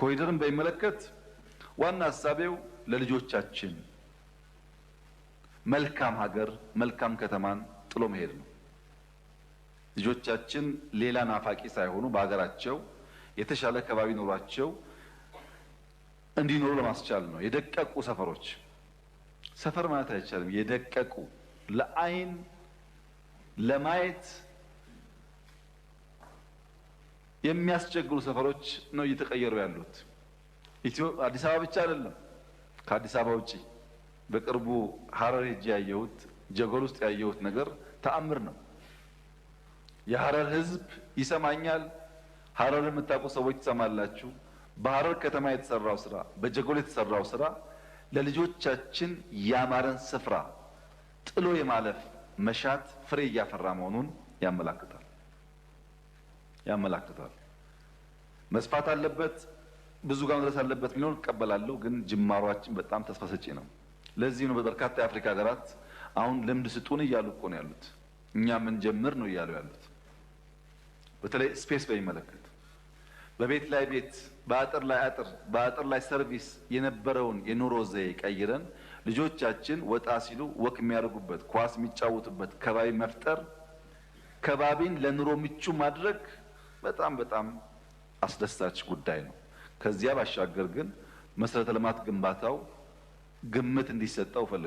ኮሪደርን በሚመለከት ዋና ሀሳቤው ለልጆቻችን መልካም ሀገር መልካም ከተማን ጥሎ መሄድ ነው። ልጆቻችን ሌላ ናፋቂ ሳይሆኑ በሀገራቸው የተሻለ ከባቢ ኖሯቸው እንዲኖሩ ለማስቻል ነው። የደቀቁ ሰፈሮች ሰፈር ማለት አይቻልም። የደቀቁ ለአይን ለማየት የሚያስቸግሩ ሰፈሮች ነው እየተቀየሩ ያሉት። አዲስ አበባ ብቻ አይደለም። ከአዲስ አበባ ውጭ በቅርቡ ሀረር ሄጅ ያየሁት ጀጎል ውስጥ ያየሁት ነገር ተአምር ነው። የሀረር ህዝብ ይሰማኛል። ሀረር የምታውቁ ሰዎች ትሰማላችሁ። በሀረር ከተማ የተሰራው ስራ፣ በጀጎል የተሰራው ስራ ለልጆቻችን ያማረን ስፍራ ጥሎ የማለፍ መሻት ፍሬ እያፈራ መሆኑን ያመላክታል። ያመላክታል። መስፋት አለበት፣ ብዙ ጋር መድረስ አለበት ቢሆን እቀበላለሁ። ግን ጅማሯችን በጣም ተስፋ ሰጪ ነው። ለዚህ ነው በበርካታ የአፍሪካ ሀገራት አሁን ልምድ ስጡን እያሉ እኮ ነው ያሉት። እኛ ምን ጀምር ነው እያሉ ያሉት። በተለይ ስፔስ በሚመለከት በቤት ላይ ቤት፣ በአጥር ላይ አጥር፣ በአጥር ላይ ሰርቪስ የነበረውን የኑሮ ዘዬ ቀይረን ልጆቻችን ወጣ ሲሉ ወክ የሚያደርጉበት ኳስ የሚጫወቱበት ከባቢ መፍጠር ከባቢን ለኑሮ ምቹ ማድረግ በጣም በጣም አስደሳች ጉዳይ ነው። ከዚያ ባሻገር ግን መሰረተ ልማት ግንባታው ግምት እንዲሰጠው ፈልጋል።